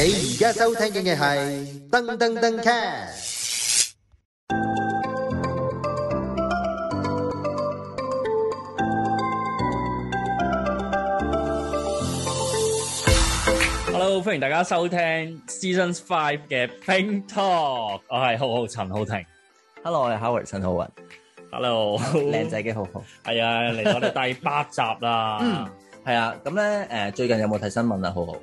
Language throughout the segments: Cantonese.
你而家收聽嘅係噔噔噔 cast Hello，歡迎大家收聽 Season Five 嘅 Pink Talk。我係浩浩陳浩霆。Hello，我係 Howard 陳浩雲。Hello，靚仔嘅浩浩。係啊，嚟到第八集啦、 嗯啊。嗯，係啊。咁咧，誒，最近有冇睇新聞啊？浩浩。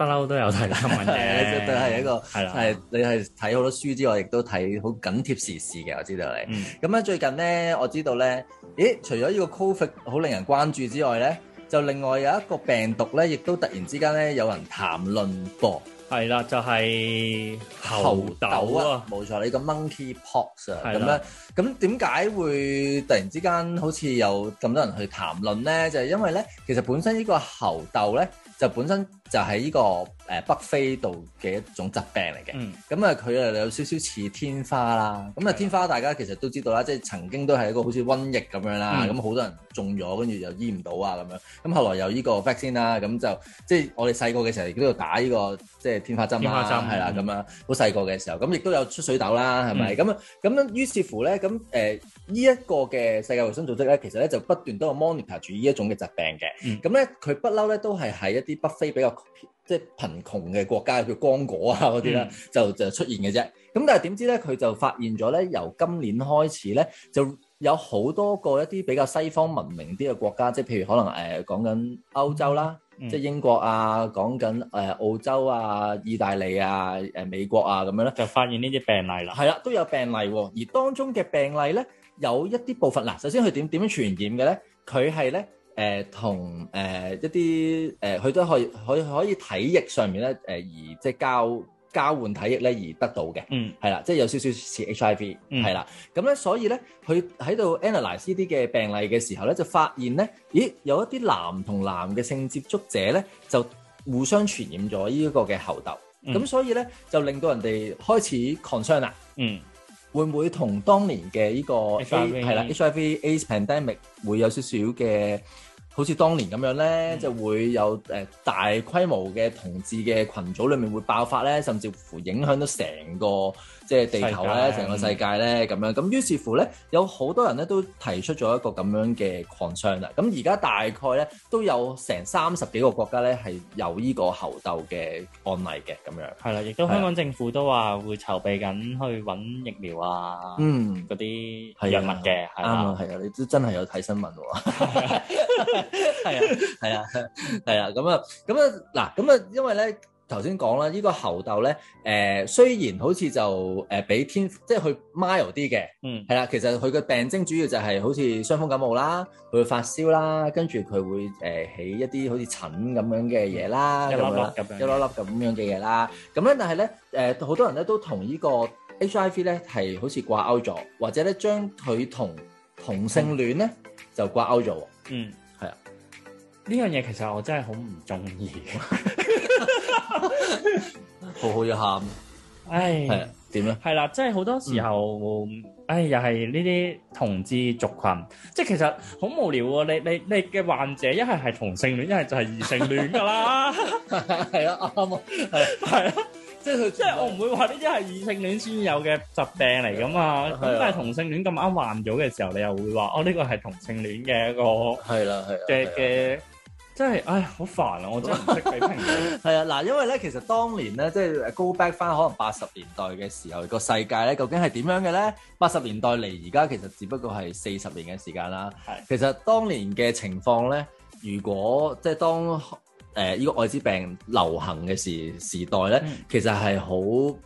不嬲都有提問嘅， 絕對係一個係啦，係的你係睇好多書之外，亦都睇好緊貼時事嘅。我知道你。咁咧、嗯、最近咧，我知道咧，咦？除咗呢個 Covid 好令人關注之外咧，就另外有一個病毒咧，亦都突然之間咧有人談論過。係啦，就係、是、猴痘啊，冇、啊、錯，呢個 Monkeypox、啊。咁啦的。咁點解會突然之間好似有咁多人去談論咧？就係、是、因為咧，其實本身呢個猴痘咧。就本身就係呢個誒北非度嘅一種疾病嚟嘅，咁啊佢啊有少少似天花啦，咁啊、嗯、天花大家其實都知道啦，即、就、係、是、曾經都係一個好似瘟疫咁樣啦，咁好、嗯、多人中咗，跟住又醫唔到啊咁樣，咁後來有呢個 vaccine 啦，咁就即係、就是、我哋細個嘅時候都打呢、這個即係、就是、天花針啦，係啦咁樣，好細個嘅時候，咁亦都有出水痘啦，係咪？咁咁樣於是乎咧，咁誒呢一個嘅世界衞生組織咧，其實咧就不斷都有 monitor 住呢一種嘅疾病嘅，咁咧佢不嬲咧都係喺一。啲北非比較即係貧窮嘅國家，叫剛果啊嗰啲啦，嗯、就就出現嘅啫。咁但係點知咧，佢就發現咗咧，由今年開始咧，就有好多個一啲比較西方文明啲嘅國家，即係譬如可能誒講緊歐洲啦，即係、嗯嗯、英國啊，講緊誒澳洲啊、意大利啊、誒美國啊咁樣咧，就發現呢啲病例啦。係啦，都有病例喎、啊。而當中嘅病例咧，有一啲部分嗱，首先佢點點樣傳染嘅咧？佢係咧。誒、呃、同誒、呃、一啲誒，佢、呃、都可以可以可以體液上面咧誒，而、呃、即係交交換體液咧而得到嘅，係啦、嗯，即係有少少似 HIV，係啦、嗯。咁咧，所以咧，佢喺度 analyze 呢啲嘅病例嘅時候咧，就發現咧，咦，有一啲男同男嘅性接觸者咧，就互相傳染咗呢一個嘅猴痘。咁、嗯、所以咧，就令到人哋開始 concern 啦。嗯。嗯會唔會同當年嘅呢個，係啦，HIV AIDS pandemic 會有少少嘅？好似當年咁樣咧，嗯、就會有誒、呃、大規模嘅同志嘅群組裏面會爆發咧，甚至乎影響到成個即係地球咧，成界個世界咧咁樣。咁於是乎咧，有好多人咧都提出咗一個咁樣嘅 concern 啦。咁而家大概咧都有成三十幾個國家咧係有呢個猴痘嘅案例嘅咁樣。係啦，亦都香港政府都話會籌備緊去揾疫苗啊，嗯，嗰啲藥物嘅。啱啊了，係啊了，你都真係有睇新聞喎、啊。 係 啊，係啊，係啊，咁啊，咁啊，嗱，咁啊，因為咧，頭先講啦，這個、呢個猴痘咧，誒、呃，雖然好似就誒比天，即係佢 mild 啲嘅，嗯，係啦，其實佢嘅病徵主要就係好似傷風感冒啦，佢會發燒啦，跟住佢會誒、呃、起一啲好似疹咁樣嘅嘢啦，咁、嗯、樣，一粒粒咁樣嘅嘢啦，咁咧、嗯，但係咧，誒、呃，好多人咧都同呢個 HIV 咧係好似掛鈎咗，或者咧將佢同同性戀咧就掛鈎咗，嗯。呢樣嘢其實我真係好唔中意，好好要喊！唉，係點咧？係啦，即係好多時候，唉，又係呢啲同志族群，即係其實好無聊喎。你你你嘅患者一係係同性戀，一係就係異性戀噶啦，係啊，啱啊，係啊，即係即係我唔會話呢啲係異性戀先有嘅疾病嚟噶嘛。咁但係同性戀咁啱患咗嘅時候，你又會話哦呢個係同性戀嘅一個係啦係嘅嘅。真係，唉，好煩啊！我真係唔識評。係 啊，嗱，因為咧，其實當年咧，即係 go back 翻可能八十年代嘅時候，個世界咧，究竟係點樣嘅咧？八十年代嚟而家其實只不過係四十年嘅時間啦。係的，其實當年嘅情況咧，如果即係當誒依、呃這個愛滋病流行嘅時時代咧，嗯、其實係好唔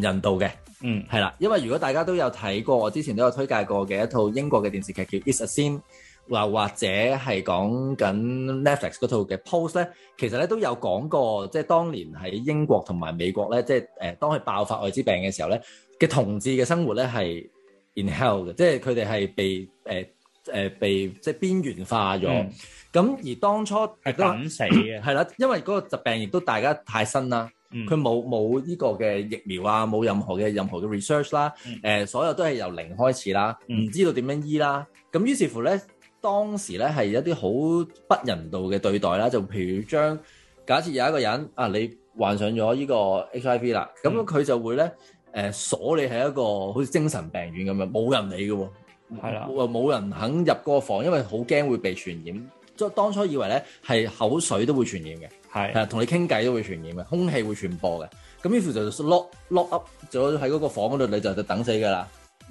人道嘅。嗯，係啦，因為如果大家都有睇過，我之前都有推介過嘅一套英國嘅電視劇叫《It's a Sin》。嗱，或者係講緊 Netflix 嗰套嘅 post 咧，其實咧都有講過，即係當年喺英國同埋美國咧，即係誒當佢爆發愛滋病嘅時候咧，嘅同志嘅生活咧係 in hell 嘅，即係佢哋係被誒誒被即係邊緣化咗。咁而當初係等死嘅，係啦，因為嗰個疾病亦都大家太新啦，佢冇冇呢個嘅疫苗啊，冇任何嘅任何嘅 research 啦，誒所有都係由零開始啦，唔知道點樣醫啦，咁於是乎咧。當時咧係一啲好不人道嘅對待啦，就譬如將假設有一個人啊，你患上咗呢個 HIV 啦，咁佢、嗯、就會咧誒、呃、鎖你喺一個好似精神病院咁樣，冇人理嘅喎，係啦是的，冇人肯入嗰個房，因為好驚會被傳染。即係當初以為咧係口水都會傳染嘅，係係同你傾偈都會傳染嘅，空氣會傳播嘅。咁於是就 lock lock up 咗喺嗰個房嗰度，你就就等死㗎啦。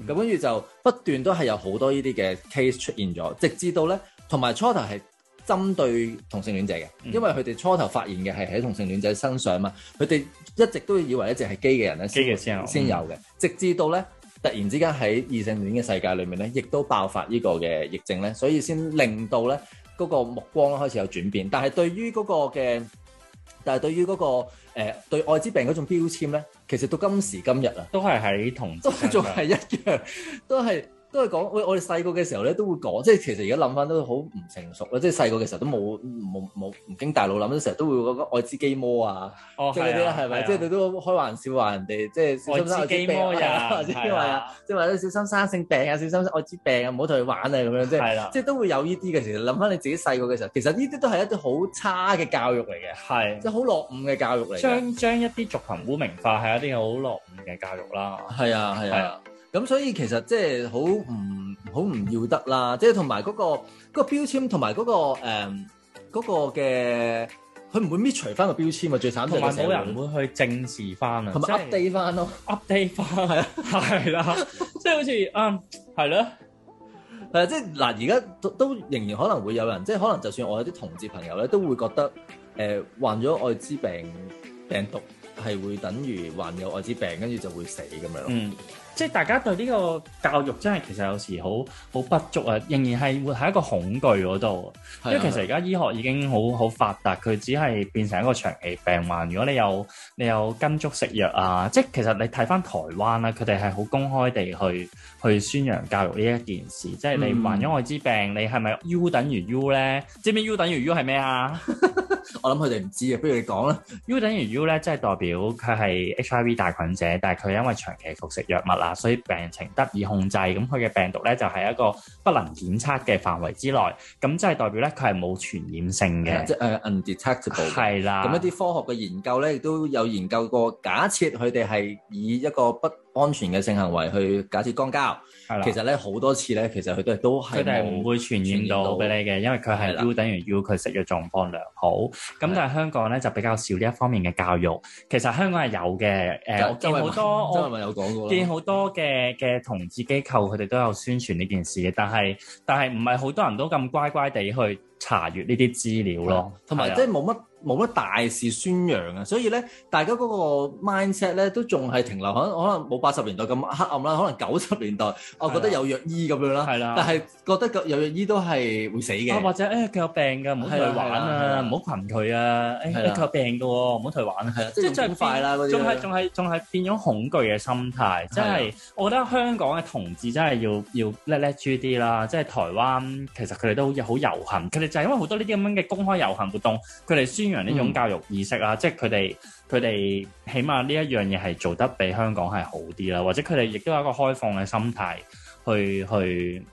咁跟住就不斷都係有好多呢啲嘅 case 出現咗，直至到呢同埋初頭係針對同性戀者嘅，嗯、因為佢哋初頭發現嘅係喺同性戀者身上嘛，佢哋一直都以為一直係基嘅人呢先有先有嘅，嗯、直至到呢突然之間喺異性戀嘅世界裏面呢，亦都爆發呢個嘅疫症呢。所以先令到呢嗰個目光開始有轉變，但係對於嗰個嘅。但係對於嗰、那個誒、呃、對愛滋病嗰種標籤咧，其實到今時今日啊，都係喺同都仲係一樣，都係。都係講，我我哋細個嘅時候咧，都會講，即係其實而家諗翻都好唔成熟咯，即係細個嘅時候都冇冇冇唔經大腦諗，都成日都會講愛滋機魔啊，即係嗰啲係咪？即係都開玩笑話人哋，即係愛滋機魔呀，即係或者小心生性病呀，小心愛滋病啊，唔好同佢玩啊咁樣，即係即係都會有呢啲嘅。其實諗翻你自己細個嘅時候，其實呢啲都係一啲好差嘅教育嚟嘅，係即係好落伍嘅教育嚟。將將一啲族群污名化係一啲好落伍嘅教育啦，係啊係啊。咁所以其實即係好唔好唔要得啦，即係同埋嗰個嗰個標籤，同埋嗰個誒嗰個嘅，佢唔會搣除翻個標籤啊！最慘，同埋冇人會去正視翻啊，同埋 update 翻咯，update 翻係啊，係啦，即係好似嗯係咯，係啊，即係嗱而家都仍然可能會有人，即係可能就算我有啲同志朋友咧，都會覺得誒患咗愛滋病病毒係會等於患有愛滋病，跟住就會死咁樣咯。即係大家對呢個教育真係其實有時好好不足啊，仍然係活喺一個恐懼嗰度。因為其實而家醫學已經好好發達，佢只係變成一個長期病患。如果你有你有跟足食藥啊，即係其實你睇翻台灣啦，佢哋係好公開地去去宣揚教育呢一件事。即係你患咗愛滋病，你係咪 U 等於 U 呢？知唔知 U 等於 U 係咩啊？ 我諗佢哋唔知啊，不如你講啦。U 等於 U 呢，即係代表佢係 HIV 帶菌者，但係佢因為長期服食藥物.啊！所以病情得以控制，咁佢嘅病毒咧就係一個不能檢測嘅範圍之內，咁即係代表咧佢係冇傳染性嘅，即係 undetectable。係啦的，咁一啲科學嘅研究咧，亦都有研究過假設佢哋係以一個不安全嘅性行為去假設肛交的，其實咧好多次咧，其實佢都係都係唔會傳染到俾你嘅，因為佢係 U 等於 U，佢食藥狀況良好。咁是的 但係香港咧是的 就比較少呢一方面嘅教育。其實香港係有嘅，誒、呃，有好多我，有講過我見好多嘅嘅同志機構，佢哋都有宣傳呢件事嘅。但係但係唔係好多人都咁乖乖地去。查閲呢啲資料咯，同埋即係冇乜冇乜大事宣揚啊，所以咧大家嗰個 mindset 咧都仲係停留響，可能冇八十年代咁黑暗啦，可能九十年代我覺得有藥醫咁樣啦，係啦，但係覺得有藥醫都係會死嘅，或者誒佢有病㗎，唔好去玩啊，唔好群佢啊，誒佢有病㗎喎，唔好去玩啊，即係真快變，仲係仲係仲係變咗恐懼嘅心態，即係我覺得香港嘅同志真係要要叻叻啲啲啦，即係台灣其實佢哋都好好遊行，就係因為好多呢啲咁樣嘅公開遊行活動，佢哋宣揚呢種教育意識啦，嗯、即係佢哋佢哋起碼呢一樣嘢係做得比香港係好啲啦，或者佢哋亦都有一個開放嘅心態去去。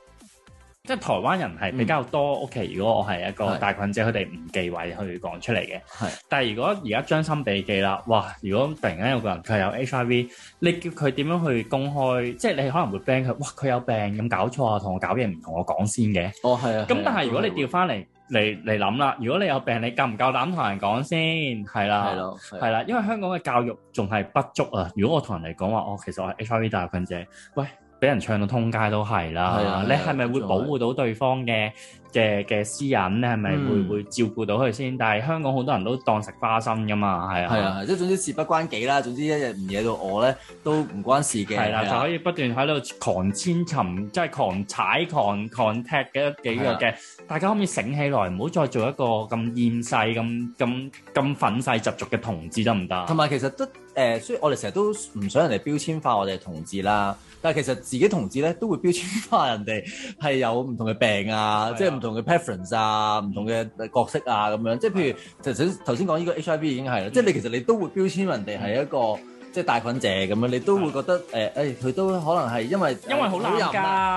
即係台灣人係比較多、嗯、，OK。如果我係一個帶菌者，佢哋唔忌諱去講出嚟嘅。係是，但係如果而家將心比己啦，哇！如果突然間有個人佢有 HIV，你叫佢點樣去公開？即係你可能會 ban 佢，哇！佢有病咁搞錯、哦、啊，同我搞嘢唔同我講先嘅。哦，係。咁但係如果你調翻嚟嚟嚟諗啦，如果你有病，你夠唔夠膽同人講先？係啦、啊，係啦、啊啊啊，因為香港嘅教育仲係不足啊。如果我同人哋講話，哦，其實我係 HIV 帶菌者，喂。俾人唱到通街都係啦，啊是啊，你係咪會保護到對方嘅嘅嘅私隱咧，係咪會會照顧到佢先？但係香港好多人都當食花生噶嘛，係啊，係啊，即係總之事不關己啦。總之一日唔惹到我咧，都唔關事嘅。係啦，就可以不斷喺度狂千尋，即係狂踩、狂狂踢嘅幾腳嘅。大家可唔可以醒起來，唔好再做一個咁厭世、咁咁咁憤世嫉俗嘅同志得唔得？同埋其實都誒，雖然我哋成日都唔想人哋標籤化我哋係同志啦。但係其實自己同志咧都會標籤化人哋係有唔同嘅病啊，即係。唔同嘅 preference 啊，唔同嘅角色啊，咁樣即係譬如頭先頭先講呢個 HIV 已經係啦，的即係你其實你都會標籤人哋係一個。即係大菌姐咁樣，你都會覺得誒誒，佢都可能係因為因為好難教，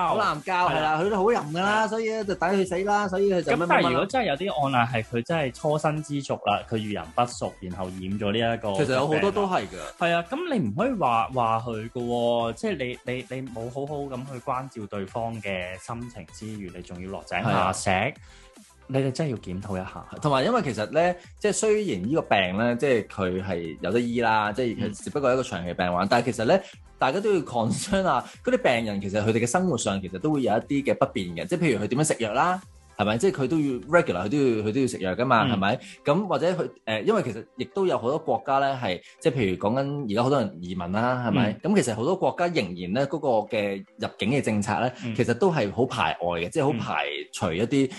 好難教係啦，佢都好淫㗎啦，所以就等佢死啦。所以咁，但係如果真係有啲案例係佢真係初生之犢啦，佢遇人不淑，然後染咗呢一個，其實有好多都係㗎。係啊，咁你唔可以話話佢嘅，即係你你你冇好好咁去關照對方嘅心情之餘，你仲要落井下石。你哋真係要檢討一下，同埋因為其實咧，即係雖然呢個病咧，即係佢係有得醫啦，即係只不過係一個長期病患，嗯、但係其實咧，大家都要 concern 啊！嗰啲病人其實佢哋嘅生活上其實都會有一啲嘅不便嘅，即係譬如佢點樣食藥啦。係咪？即係佢都要 regular，佢都要佢都要食藥㗎嘛？係咪、嗯？咁或者佢誒、呃，因為其實亦都有好多國家咧，係即係譬如講緊而家好多人移民啦，係咪？咁、嗯、其實好多國家仍然咧，嗰個嘅入境嘅政策咧，其實都係好排外嘅，嗯、即係好排除一啲誒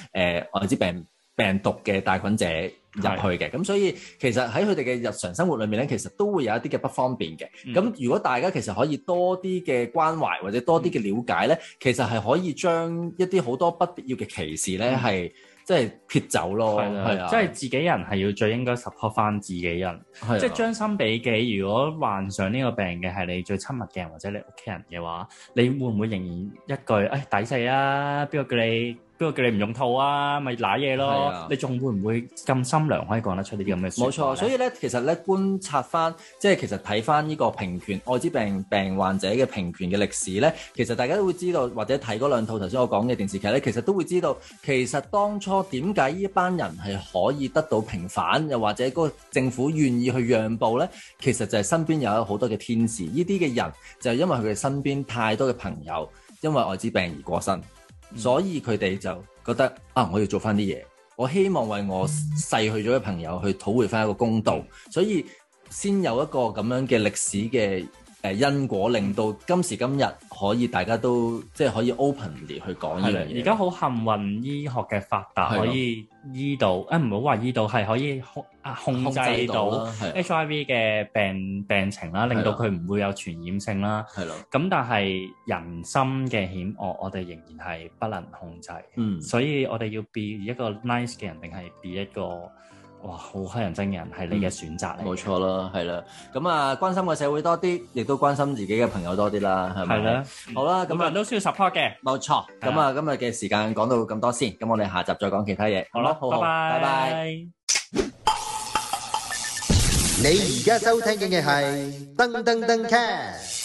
艾滋病。病毒嘅帶菌者入去嘅，咁的所以其實喺佢哋嘅日常生活裏面咧，其實都會有一啲嘅不方便嘅。咁、嗯、如果大家其實可以多啲嘅關懷或者多啲嘅了解咧，嗯、其實係可以將一啲好多不必要嘅歧視咧，係、嗯、即係撇走咯。係啊，即係自己人係要最應該 support 翻自己人，的即係將心比己。如果患上呢個病嘅係你最親密嘅人或者你屋企人嘅話，你會唔會仍然一句誒抵死啊？邊、哎、個、哎、叫你？邊個叫你唔用套啊？咪賴嘢咯！是啊、你仲會唔會咁心涼可以講得出啲咁嘅事？冇錯，所以咧，其實咧，觀察翻，即係其實睇翻呢個平權愛滋病病患者嘅平權嘅歷史咧，其實大家都會知道，或者睇嗰兩套頭先我講嘅電視劇咧，其實都會知道，其實當初點解呢班人係可以得到平反，又或者嗰個政府願意去讓步咧，其實就係身邊有好多嘅天使，呢啲嘅人就係因為佢哋身邊太多嘅朋友因為愛滋病而過身。嗯、所以佢哋就覺得啊，我要做返啲嘢，我希望為我逝去咗嘅朋友去討回返一個公道，所以先有一個咁樣嘅歷史嘅。因果令到今時今日可以大家都即係可以 openly 去講呢樣嘢。而家好幸運，醫學嘅發達的可以醫到，誒唔好話醫到係可以控，控制到 HIV 嘅病病情啦，令到佢唔會有傳染性啦。咁的但係人心嘅險惡，我哋仍然係不能控制。嗯的。所以我哋要 be 一個 nice 嘅人，定係 be 一個。哇！好黑人憎人，係你嘅選擇嚟。冇錯啦，係啦。咁啊，關心個社會多啲，亦都關心自己嘅朋友多啲啦。係咪？係啦，好啦，咁啊，人都需要 support 嘅。冇錯。咁啊，今日嘅時間講到咁多先，咁我哋下集再講其他嘢。好啦，拜拜。你而家收聽緊嘅係噔噔噔 cast。